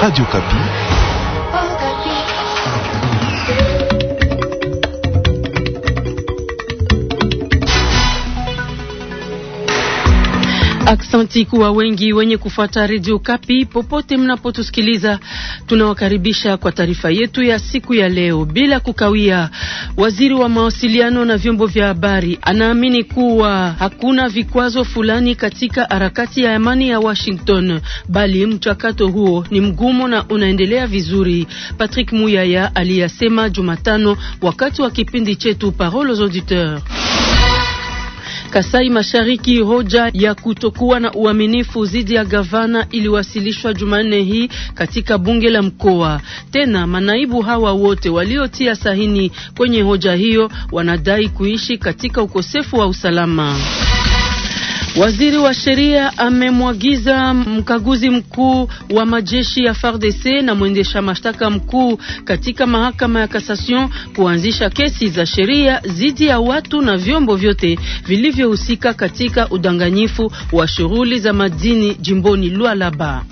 Radio Capi. Aksanti kuwa wengi wenye kufuata redio Kapi popote mnapotusikiliza, tunawakaribisha kwa taarifa yetu ya siku ya leo. Bila kukawia, waziri wa mawasiliano na vyombo vya habari anaamini kuwa hakuna vikwazo fulani katika harakati ya amani ya Washington, bali mchakato huo ni mgumu na unaendelea vizuri. Patrick Muyaya aliyasema Jumatano wakati wa kipindi chetu Parole aux auditeurs. Kasai Mashariki, hoja ya kutokuwa na uaminifu dhidi ya gavana iliwasilishwa Jumanne hii katika bunge la mkoa. Tena manaibu hawa wote waliotia sahini kwenye hoja hiyo wanadai kuishi katika ukosefu wa usalama. Waziri wa sheria amemwagiza mkaguzi mkuu wa majeshi ya FARDC na mwendesha mashtaka mkuu katika mahakama ya Cassation kuanzisha kesi za sheria dhidi ya watu na vyombo vyote vilivyohusika katika udanganyifu wa shughuli za madini jimboni Lualaba.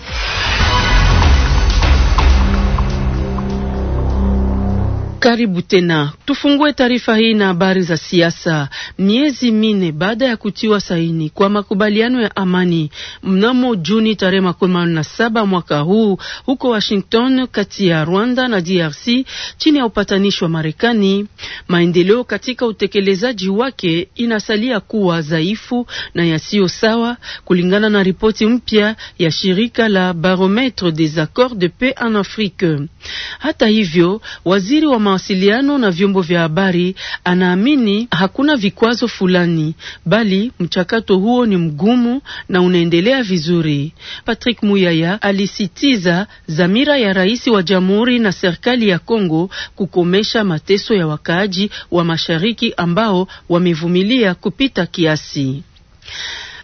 Karibu tena, tufungue taarifa hii na habari za siasa. Miezi mine baada ya kutiwa saini kwa makubaliano ya amani mnamo Juni tarehe makumi na saba mwaka huu huko Washington, kati ya Rwanda na DRC chini ya upatanishi wa Marekani, maendeleo katika utekelezaji wake inasalia kuwa dhaifu na yasiyo sawa, kulingana na ripoti mpya ya shirika la Barometre des Accords de Paix en Afrique. Hata hivyo waziri wa mawasiliano na vyombo vya habari anaamini hakuna vikwazo fulani, bali mchakato huo ni mgumu na unaendelea vizuri. Patrick Muyaya alisitiza dhamira ya rais wa jamhuri na serikali ya Kongo kukomesha mateso ya wakaaji wa mashariki ambao wamevumilia kupita kiasi.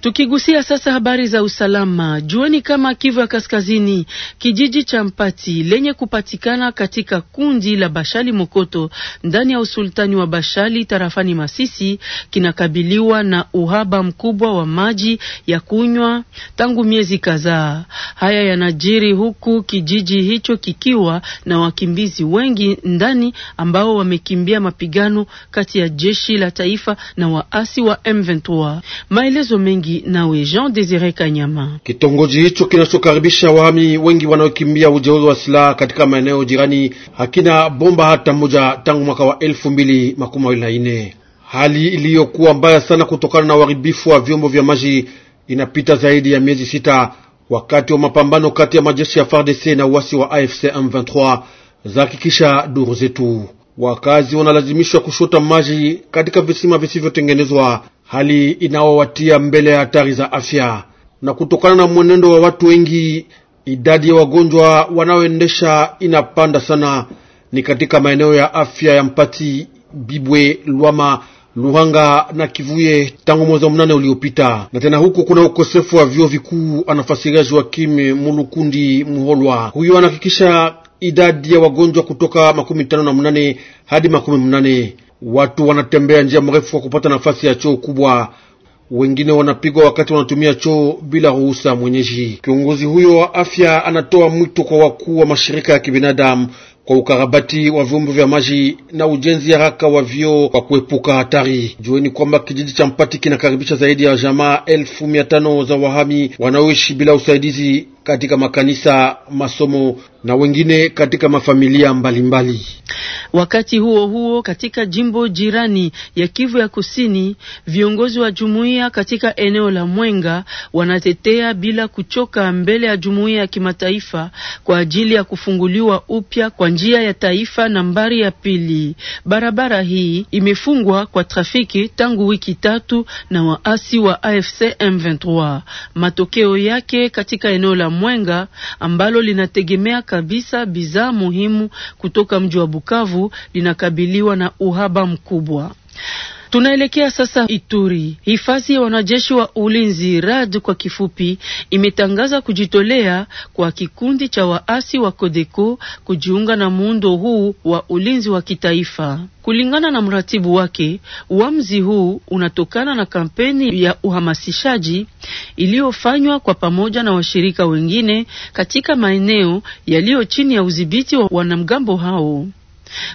Tukigusia sasa habari za usalama, jueni kama Kivu ya Kaskazini, kijiji cha Mpati lenye kupatikana katika kundi la Bashali Mokoto ndani ya usultani wa Bashali tarafani Masisi kinakabiliwa na uhaba mkubwa wa maji ya kunywa tangu miezi kadhaa. Haya yanajiri huku kijiji hicho kikiwa na wakimbizi wengi ndani ambao wamekimbia mapigano kati ya jeshi la taifa na waasi wa M23. Maelezo mengi mengi nawe Jean Desire Kanyama. Kitongoji hicho kinachokaribisha wahami wengi wanaokimbia ujeuzi wa silaha katika maeneo jirani hakina bomba hata moja tangu mwaka wa elfu mbili makumi mawili na nne, hali iliyokuwa mbaya sana kutokana na uharibifu wa vyombo vya maji. Inapita zaidi ya miezi sita wakati wa mapambano kati ya majeshi ya FARDC na uasi wa AFC M23 zahakikisha duru zetu. Wakazi wanalazimishwa kushota maji katika visima visivyotengenezwa hali inaowatia mbele ya hatari za afya. Na kutokana na mwenendo wa watu wengi, idadi ya wagonjwa wanaoendesha inapanda sana, ni katika maeneo ya afya ya Mpati, Bibwe, Lwama, Luhanga na Kivuye tangu mwezi wa mnane uliopita. Na tena huko kuna ukosefu wa vyuo vikuu, wa kimi Mulukundi Muholwa. Huyo anahakikisha idadi ya wagonjwa kutoka makumi tano na mnane hadi makumi mnane Watu wanatembea njia mrefu kwa kupata nafasi ya choo kubwa, wengine wanapigwa wakati wanatumia choo bila ruhusa mwenyeji. Kiongozi huyo wa afya anatoa mwito kwa wakuu wa mashirika ya kibinadamu kwa ukarabati wa vyombo vya maji na ujenzi haraka wa vyoo kwa kuepuka hatari. Jueni kwamba kijiji cha Mpati kinakaribisha zaidi ya jamaa elfu mia tano za wahami wanaoishi bila usaidizi katika makanisa, masomo na wengine katika mafamilia mbalimbali mbali. Wakati huo huo, katika jimbo jirani ya Kivu ya Kusini, viongozi wa jumuiya katika eneo la Mwenga wanatetea bila kuchoka mbele ya jumuiya ya kimataifa kwa ajili ya kufunguliwa upya kwa njia ya taifa nambari ya pili. Barabara hii imefungwa kwa trafiki tangu wiki tatu na waasi wa AFC M23. Matokeo yake katika eneo la Mwenga ambalo linategemea kabisa bidhaa muhimu kutoka mji wa Bukavu linakabiliwa na uhaba mkubwa. Tunaelekea sasa Ituri. Hifadhi ya wanajeshi wa ulinzi RAD kwa kifupi imetangaza kujitolea kwa kikundi cha waasi wa Kodeko kujiunga na muundo huu wa ulinzi wa kitaifa. Kulingana na mratibu wake, uamuzi huu unatokana na kampeni ya uhamasishaji iliyofanywa kwa pamoja na washirika wengine katika maeneo yaliyo chini ya udhibiti wa wanamgambo hao.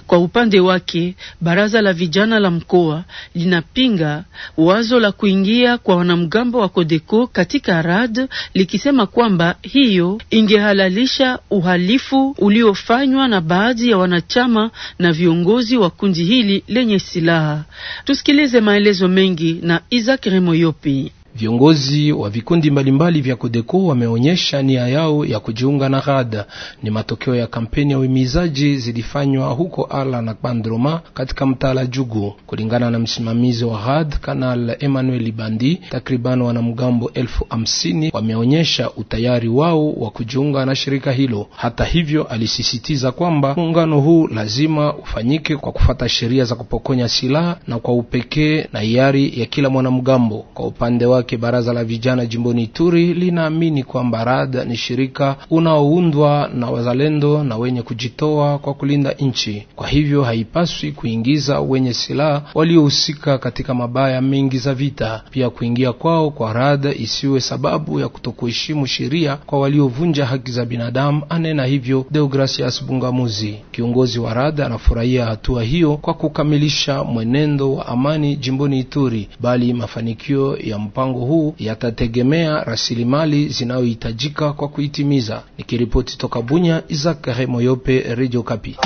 Kwa upande wake baraza la vijana la mkoa linapinga wazo la kuingia kwa wanamgambo wa Kodeko katika RAD likisema kwamba hiyo ingehalalisha uhalifu uliofanywa na baadhi ya wanachama na viongozi wa kundi hili lenye silaha. Tusikilize maelezo mengi na Isaac Remoyopi. Viongozi wa vikundi mbalimbali vya Kodeko wameonyesha nia yao ya kujiunga na Ghada. Ni matokeo ya kampeni ya uhimizaji zilifanywa huko Ala na Bandroma katika mtaa la Jugu. Kulingana na msimamizi wa Ghad Kanal Emmanuel Bandi, takriban wanamgambo elfu hamsini wameonyesha utayari wao wa kujiunga na shirika hilo. Hata hivyo, alisisitiza kwamba muungano huu lazima ufanyike kwa kufata sheria za kupokonya silaha na kwa upekee na hiari ya kila mwanamgambo. Kwa upande wake wake baraza la vijana jimboni Ituri linaamini kwamba RAD ni shirika unaoundwa na wazalendo na wenye kujitoa kwa kulinda nchi. Kwa hivyo haipaswi kuingiza wenye silaha waliohusika katika mabaya mengi za vita. Pia kuingia kwao kwa RAD isiwe sababu ya kutokuheshimu sheria kwa waliovunja haki za binadamu, anena hivyo Deogracias Bungamuzi, kiongozi wa RAD. Anafurahia hatua hiyo kwa kukamilisha mwenendo wa amani jimboni Ituri, bali mafanikio ya mpango mpango huu yatategemea rasilimali zinayohitajika kwa kuitimiza. Nikiripoti toka Bunya, Isaac Remoyope, Radio Kapi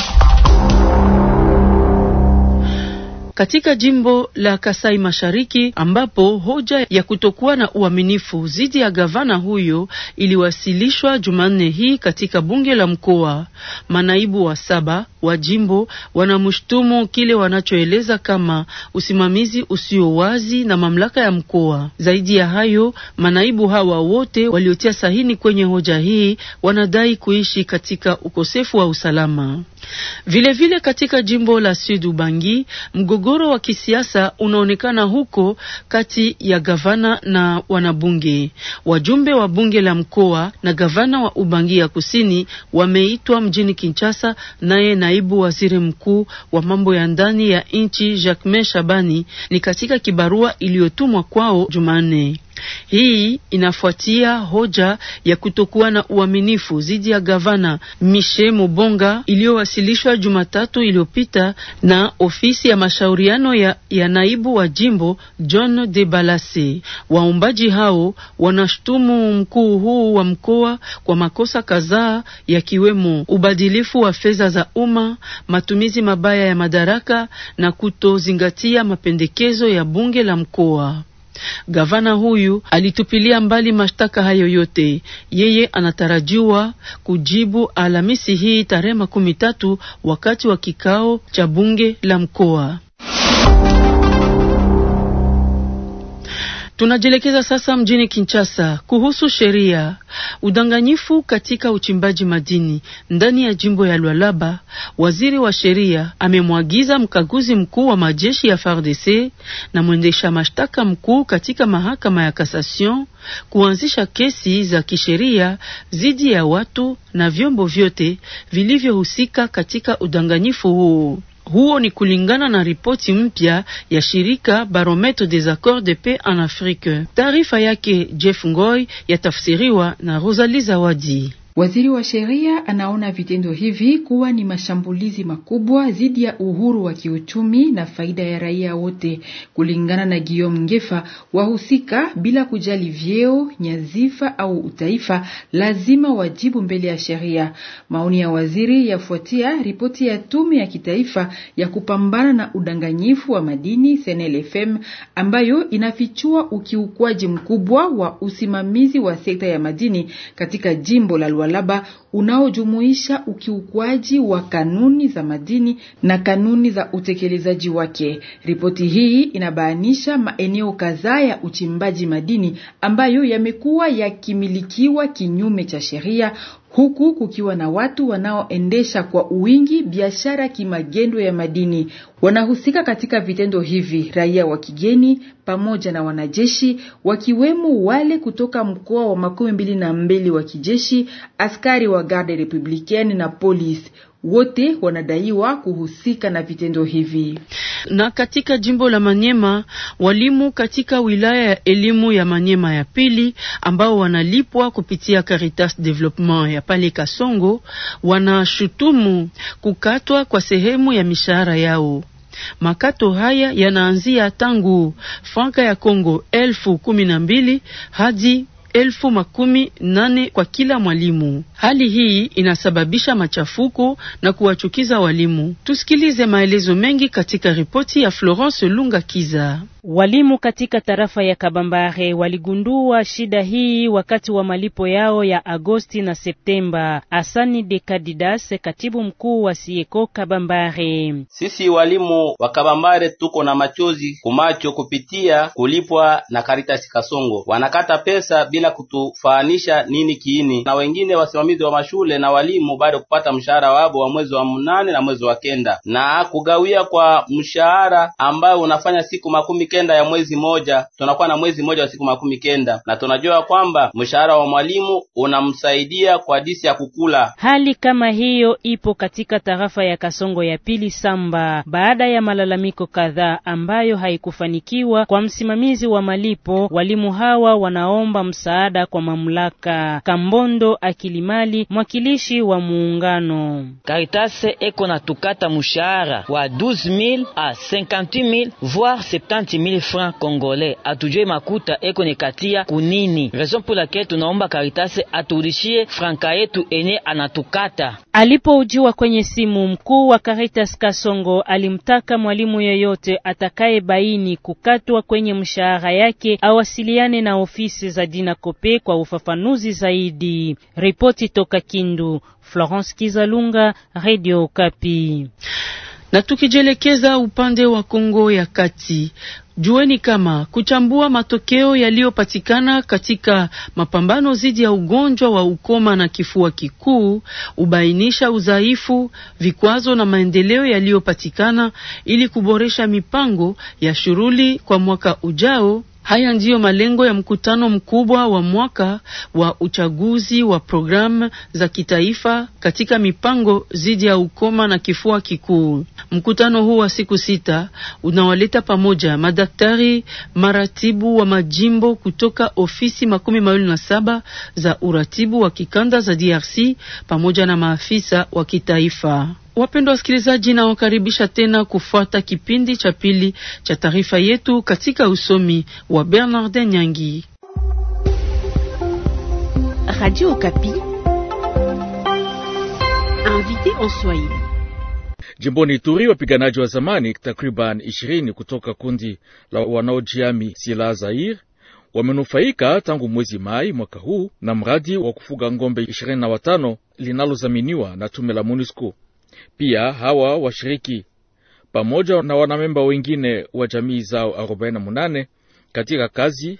katika jimbo la Kasai Mashariki ambapo hoja ya kutokuwa na uaminifu dhidi ya gavana huyo iliwasilishwa Jumanne hii katika bunge la mkoa. Manaibu wa saba wa jimbo wanamshutumu kile wanachoeleza kama usimamizi usio wazi na mamlaka ya mkoa. Zaidi ya hayo, manaibu hawa wote waliotia sahini kwenye hoja hii wanadai kuishi katika ukosefu wa usalama. Vilevile vile katika jimbo la Sud Ubangi mgogo Mgogoro wa kisiasa unaonekana huko kati ya gavana na wanabunge. Wajumbe wa bunge la mkoa na gavana wa Ubangi ya Kusini wameitwa mjini Kinshasa, naye naibu waziri mkuu wa mambo ya ndani ya nchi Jacquemain Shabani ni katika kibarua iliyotumwa kwao Jumanne. Hii inafuatia hoja ya kutokuwa na uaminifu dhidi ya gavana Mishe Mobonga iliyowasilishwa Jumatatu iliyopita na ofisi ya mashauriano ya, ya naibu wa jimbo John de Balase. waumbaji hao wanashutumu mkuu huu wa mkoa kwa makosa kadhaa yakiwemo ubadilifu wa fedha za umma, matumizi mabaya ya madaraka na kutozingatia mapendekezo ya bunge la mkoa. Gavana huyu alitupilia mbali mashtaka hayo yote. Yeye anatarajiwa kujibu Alhamisi hii tarehe makumi tatu wakati wa kikao cha bunge la mkoa. Tunajielekeza sasa mjini Kinshasa kuhusu sheria udanganyifu katika uchimbaji madini ndani ya jimbo ya Lualaba. Waziri wa sheria amemwagiza mkaguzi mkuu wa majeshi ya FARDC na mwendesha mashtaka mkuu katika mahakama ya Cassation kuanzisha kesi za kisheria dhidi ya watu na vyombo vyote vilivyohusika katika udanganyifu huu. Huo ni kulingana na ripoti mpya ya shirika Barometre des Accords de Paix en Afrique. Taarifa yake Jeff Ngoy yatafsiriwa na Rosalie Zawadi. Waziri wa sheria anaona vitendo hivi kuwa ni mashambulizi makubwa dhidi ya uhuru wa kiuchumi na faida ya raia wote. Kulingana na Guillaume Ngefa, wahusika bila kujali vyeo, nyazifa au utaifa lazima wajibu mbele ya sheria. Maoni ya waziri yafuatia ripoti ya tume ya kitaifa ya kupambana na udanganyifu wa madini SNLFM ambayo inafichua ukiukwaji mkubwa wa usimamizi wa sekta ya madini katika jimbo la Lualaba unaojumuisha ukiukwaji wa kanuni za madini na kanuni za utekelezaji wake. Ripoti hii inabainisha maeneo kadhaa ya uchimbaji madini ambayo yamekuwa yakimilikiwa kinyume cha sheria huku kukiwa na watu wanaoendesha kwa uwingi biashara kimagendo ya madini. Wanahusika katika vitendo hivi raia wa kigeni pamoja na wanajeshi, wakiwemo wale kutoka mkoa wa makumi mbili na mbili wa kijeshi, askari wa garde republicaine na polisi wote wanadaiwa kuhusika na vitendo hivi. Na katika jimbo la Manyema, walimu katika wilaya ya elimu ya Manyema ya pili ambao wanalipwa kupitia Caritas Development ya pale Kasongo wanashutumu kukatwa kwa sehemu ya mishahara yao. Makato haya yanaanzia tangu franka ya Kongo elfu kumi na mbili hadi elfu makumi nane kwa kila mwalimu. Hali hii inasababisha machafuko na kuwachukiza walimu. Tusikilize maelezo mengi katika ripoti ya Florence Lunga Kiza. Walimu katika tarafa ya Kabambare waligundua shida hii wakati wa malipo yao ya Agosti na Septemba. Asani de Kadidas, katibu mkuu wa Sieko Kabambare: sisi walimu wa Kabambare tuko na machozi kumacho kupitia kulipwa na Karitasi Kasongo, wanakata pesa bila bila kutufaanisha nini kiini, na wengine wasimamizi wa mashule na walimu bado kupata mshahara wabo wa mwezi wa mnane na mwezi wa kenda, na kugawia kwa mshahara ambayo unafanya siku makumi kenda ya mwezi moja. Tunakuwa na mwezi moja wa siku makumi kenda, na tunajua kwamba mshahara wa mwalimu unamsaidia kwa disi ya kukula. Hali kama hiyo ipo katika tarafa ya Kasongo ya pili Samba, baada ya malalamiko kadhaa ambayo haikufanikiwa kwa msimamizi wa malipo, walimu hawa wanaomba msa msaada kwa mamlaka. Kambondo Akilimali, mwakilishi wa muungano Caritas, eko na tukata mushahara wa 12000 a 58000 voire 70000 francs congolais, atujue makuta eko nekatia kunini. Raison pour laquelle tunaomba Caritas aturishie franka yetu enye anatukata. Alipoujiwa kwenye simu, mkuu wa Caritas Kasongo alimtaka mwalimu yoyote baini kukatwa kwenye mshahara yake awasiliane na ofisi za Dina Kope kwa ufafanuzi zaidi. Ripoti toka Kindu, Florence Kizalunga, Radio Kapi. Na tukijielekeza upande wa Kongo ya Kati, Jueni kama kuchambua matokeo yaliyopatikana katika mapambano dhidi ya ugonjwa wa ukoma na kifua kikuu ubainisha udhaifu, vikwazo na maendeleo yaliyopatikana ili kuboresha mipango ya shughuli kwa mwaka ujao Haya ndiyo malengo ya mkutano mkubwa wa mwaka wa uchaguzi wa programu za kitaifa katika mipango dhidi ya ukoma na kifua kikuu. Mkutano huu wa siku sita unawaleta pamoja madaktari, maratibu wa majimbo kutoka ofisi makumi mawili na saba za uratibu wa kikanda za DRC pamoja na maafisa wa kitaifa. Wapendwa wasikilizaji, nawakaribisha tena kufuata kipindi cha pili cha taarifa yetu katika usomi wa Bernard Nyangi. Radio Invité en Swahili. Jimboni Ituri, wapiganaji wa zamani takriban ishirini kutoka kundi la wanaojiami Sila Zair wamenufaika tangu mwezi Mai mwaka huu na mradi wa kufuga ng'ombe 25 linalozaminiwa na tume la MONUSCO. Pia hawa washiriki pamoja na wanamemba wengine wa jamii zao 48 katika kazi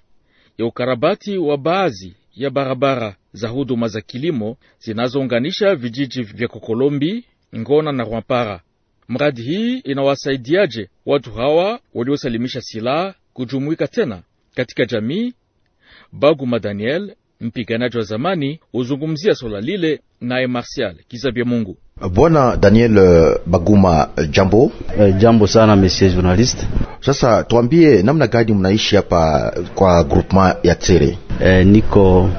ya ukarabati wa baadhi ya barabara za huduma za kilimo zinazounganisha vijiji vya Kokolombi, Ngona na Rwampara. Mradi hii inawasaidiaje watu hawa waliosalimisha silaha kujumuika tena katika jamii? Baguma Daniel mpiganaji wa zamani, huzungumzia swala lile naye Marsial Kizabya Mungu. Bwana Daniel eh, Baguma, eh, jambo. E, jambo sana monsieur journalist. Sasa tuambie namna gani mnaishi hapa kwa groupement ya Tere? E, niko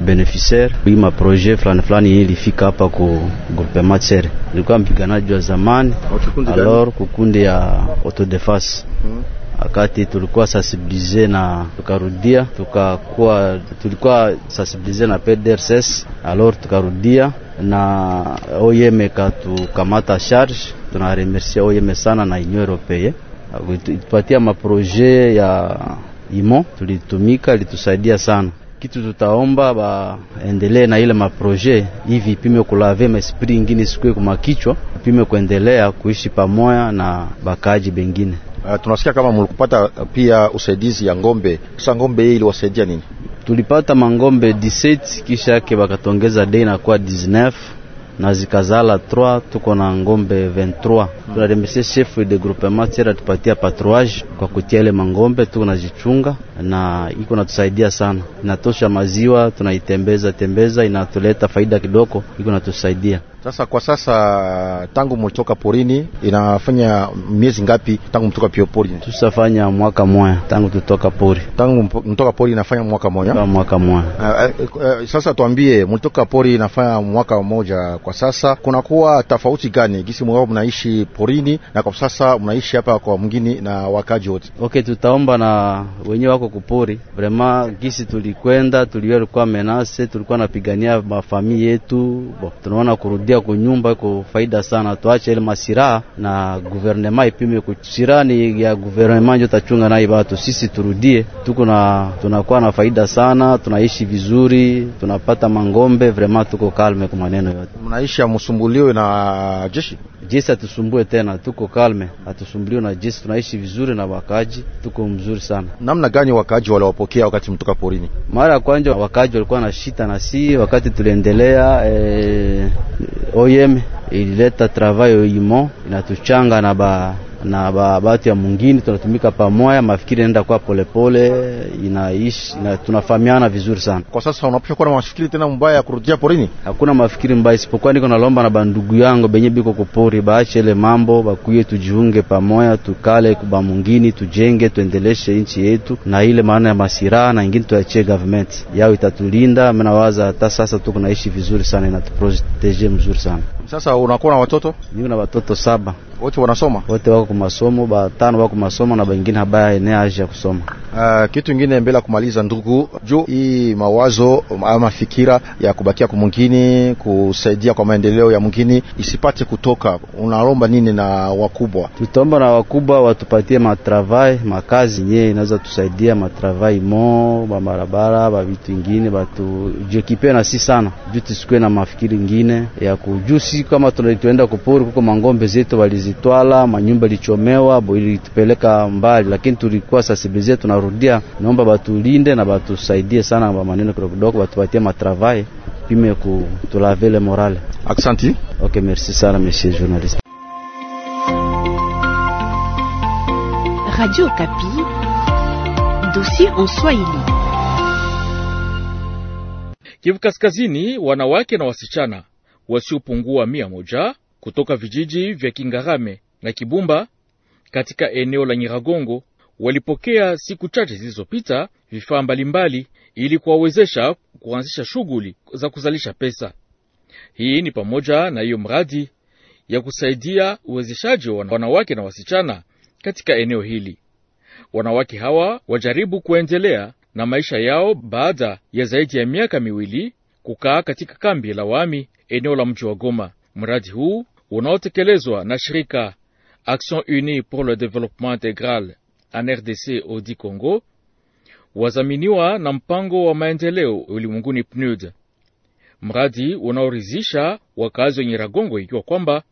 beneficiaire ima projet fulani fulani yenye ilifika hapa ku groupement Tere, nilikuwa mpiganaji wa zamani alors kukundi ya autodefense hmm wakati tulikuwa sensibilize na tukarudia, tukakuwa tulikuwa sensibilize na PDRSS, alor tukarudia na OIM katukamata charge. Tunaremercie OIM sana na Union Européenne itupatia maproje ya imo tulitumika, litusaidia sana kitu tutaomba baendelee na ile maproje hivi, ipime kulave maesprit ingine sikue kumakichwa, pime kuendelea kuishi pamoya na bakaji bengine. Uh, tunasikia kama mlikupata pia usaidizi ya ngombe. Sasa ngombe hii iliwasaidia nini? Tulipata mangombe 17 kisha yake bakatongeza dei na kwa 19 na zikazala 3 tuko na ngombe 23. Tunaremeshe chef de groupement tira tupatia patrouage kwa kutia ile mangombe tuko nazichunga na iko natusaidia sana, inatosha maziwa tunaitembeza tembeza, inatuleta faida kidogo, iko natusaidia sasa kwa sasa tangu mlitoka porini, inafanya miezi ngapi tangu mtoka pio porini? Tusafanya mwaka moja tangu tutoka pori. Tangu mtoka pori inafanya mwaka moja. Mwaka moja. Eh, eh, eh, sasa tuambie, mlitoka pori inafanya mwaka moja, kwa sasa kunakuwa tofauti gani gisi mwao mnaishi porini na kwa sasa mnaishi hapa kwa mgini na wakaji wote? Okay, tutaomba na wenyewe wako kupori vrema, gisi tulikwenda tuliwe, menase, tulikuwa napigania mafamii yetu, tunaona kurudia kuingia kunyumba iko faida sana, tuache ile masira na guvernema ipime ni ya guvernema ndio tachunga nayo watu. Sisi turudie tuko na tunakuwa na faida sana, tunaishi vizuri, tunapata mangombe vrema, tuko kalme kwa maneno yote. Mnaisha msumbulio na jeshi Jesi atusumbue tena, tuko kalme, atusumbuliwe na jesi, tunaishi vizuri na wakaji tuko mzuri sana. Namna gani wakaji waliwapokea wakati mtoka porini? Mara ya kwanza wakaji walikuwa na shita na si, wakati tuliendelea e, eh, oyeme ilileta travail imo inatuchanga na ba na batu ya mwingine tunatumika pamoja, mafikiri naenda kwa polepole, inaishi na tunafahamiana vizuri sana. Kwa sasa unapisha kuwa na mafikiri tena mbaya ya kurudia porini? Hakuna mafikiri mbaya, isipokuwa niko nalomba na bandugu yangu benye biko kupori baache ile mambo, bakuye tujiunge pamoja, tukale kuba mwingine, tujenge tuendeleshe nchi yetu, na ile maana ya masiraha na ingine tuachie government yao, itatulinda. Mimi nawaza hata sasa tuko naishi vizuri sana, inatuproteje mzuri sana. Sasa unakuwa na watoto? Mimi na watoto saba. Wote wanasoma? Wote wako kumasomo, batano wako kumasomo na bengine habaya ene aje ya kusoma. Uh, kitu ingine mbele kumaliza ndugu, juu hii mawazo ama fikira ya kubakia kwa mwingine, kusaidia kwa maendeleo ya mwingine isipate kutoka, unalomba nini na wakubwa? Tutaomba na wakubwa watupatie matravai, makazi nye inaweza tusaidia matravai mo, ba barabara, ba vitu ingine, batu juu na si sana. Juu tusikue na mafikiri ingine ya kujusi sisi kama tunaenda kupori kuko mangombe zetu walizitwala, manyumba ilichomewa bo ilitupeleka mbali, lakini tulikuwa sensibilize, tunarudia, naomba batulinde na batusaidie sana ba maneno kidogo kidogo, batupatie matravai pime le morale. Aksanti. ok, merci sana monsieur journaliste. Radio Kapi, dossier en Swahili. Kivu Kaskazini, wanawake na wasichana wasiopungua mia moja kutoka vijiji vya Kingarame na Kibumba katika eneo la Nyiragongo walipokea siku chache zilizopita vifaa mbalimbali ili kuwawezesha kuanzisha shughuli za kuzalisha pesa. Hii ni pamoja na hiyo mradi ya kusaidia uwezeshaji wa wanawake na wasichana katika eneo hili. Wanawake hawa wajaribu kuendelea na maisha yao baada ya zaidi ya miaka miwili kukaa katika kambi la wami eneo la mji wa Goma. Mradi huu unaotekelezwa na shirika Action Unie pour le Développement Intégral en RDC Odi Congo, wazaminiwa na mpango wa maendeleo ulimwenguni PNUD, mradi unaorizisha wakazi wenye Ragongo, ikiwa kwamba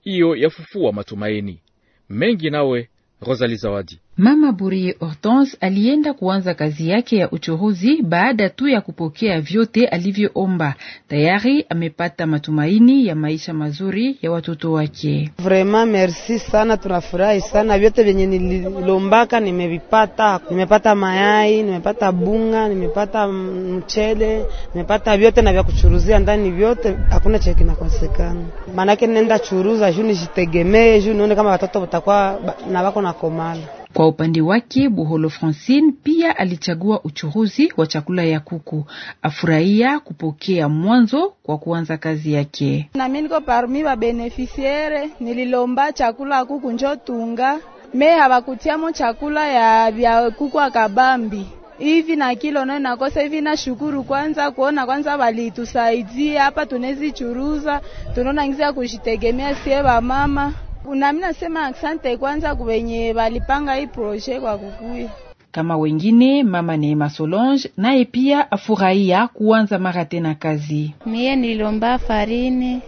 hiyo yafufua matumaini mengi. Nawe Rosali Zawadi. Mama Burie Hortense alienda kuanza kazi yake ya uchuruzi baada tu ya kupokea vyote alivyoomba. Tayari amepata matumaini ya maisha mazuri ya watoto wake. Vraiment merci sana, tunafurahi sana. Vyote vyenye nililombaka nimevipata. Nimepata mayai, nimepata bunga, nimepata mchele, nimepata vyote na vya kuchuruzia ndani vyote, hakuna cha kinakosekana. Maana yake nenda churuza juu nijitegemee, juu nione kama watoto watakuwa na wako na komala kwa upande wake, Buholo Francine pia alichagua uchuruzi wa chakula ya kuku, afurahia kupokea mwanzo kwa kuanza kazi yake. Nami niko parmi wa beneficiere, nililomba chakula ya kuku njo tunga me havakutiamo chakula ya vya kuku akabambi hivi na kilo nayo nakosa hivi. Nashukuru kwanza kuona kwanza walitusaidia hapa, tunezichuruza tunaona ngizi ya kushitegemea sie wamama kuna mina sema asante kwanza kuwenye walipanga hii proje kwa kukuya kama wengine mama Neema Solange naye pia afurahia kuanza mara tena kazi. Mie nilomba farini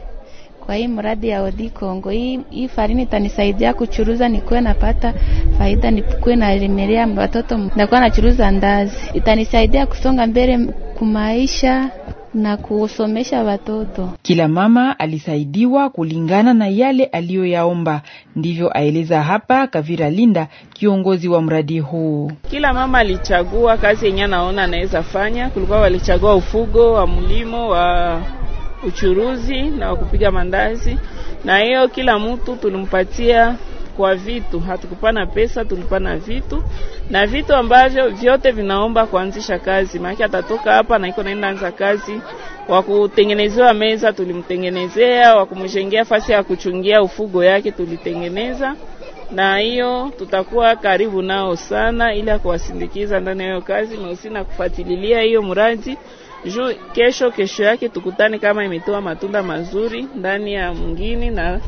kwa hii mradi ya Odi Kongo. Hii, hii farini itanisaidia kuchuruza, nikuwe napata faida, nikuwe nalimelea watoto, ndakuwa nachuruza ndazi, itanisaidia kusonga mbele kumaisha na kusomesha watoto. Kila mama alisaidiwa kulingana na yale aliyoyaomba, ndivyo aeleza hapa Kavira Linda, kiongozi wa mradi huu. Kila mama alichagua kazi yenye anaona anaweza fanya. Kulikuwa walichagua ufugo wa mlimo wa uchuruzi na wa kupiga mandazi, na hiyo kila mtu tulimpatia kwa vitu, hatukupana pesa, tulipana vitu na vitu ambavyo vyote vinaomba kuanzisha kazi, maana atatoka hapa na iko naenda anza kazi. Wa kutengenezewa meza tulimtengenezea, wa kumjengea fasi ya kuchungia ufugo yake tulitengeneza, na hiyo tutakuwa karibu nao sana, ili kuwasindikiza ndani ya hiyo kazi mausi na kufuatililia hiyo mradi juu kesho kesho yake tukutane kama imetoa matunda mazuri ndani ya mngini na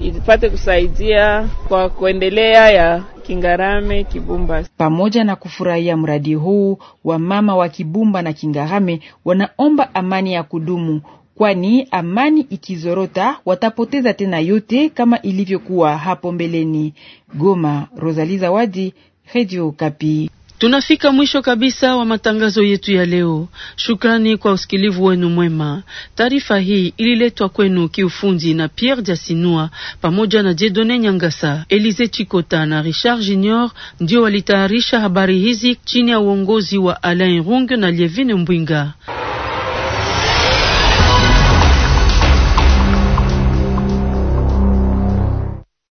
ipate kusaidia kwa kuendelea ya Kingarame Kibumba. Pamoja na kufurahia mradi huu, wamama wa Kibumba na Kingarame wanaomba amani ya kudumu, kwani amani ikizorota watapoteza tena yote kama ilivyokuwa hapo mbeleni. Goma, rosali Zawadi, Radio Kapi. Tunafika mwisho kabisa wa matangazo yetu ya leo. Shukrani kwa usikilivu wenu mwema. Taarifa hii ililetwa kwenu kiufundi na Pierre Jasinua pamoja na Jedone Nyangasa, Elize Chikota na Richard Junior ndio walitayarisha habari hizi chini ya uongozi wa Alain Runge na Lievine Mbwinga.